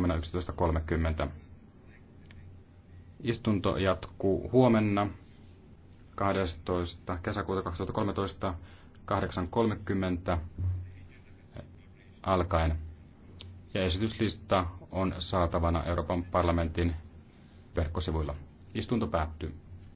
huomenna 11.30. Istunto jatkuu huomenna 12. kesäkuuta 2013 8.30 alkaen. Ja esityslista on saatavana Euroopan parlamentin verkkosivuilla. Istunto päättyy.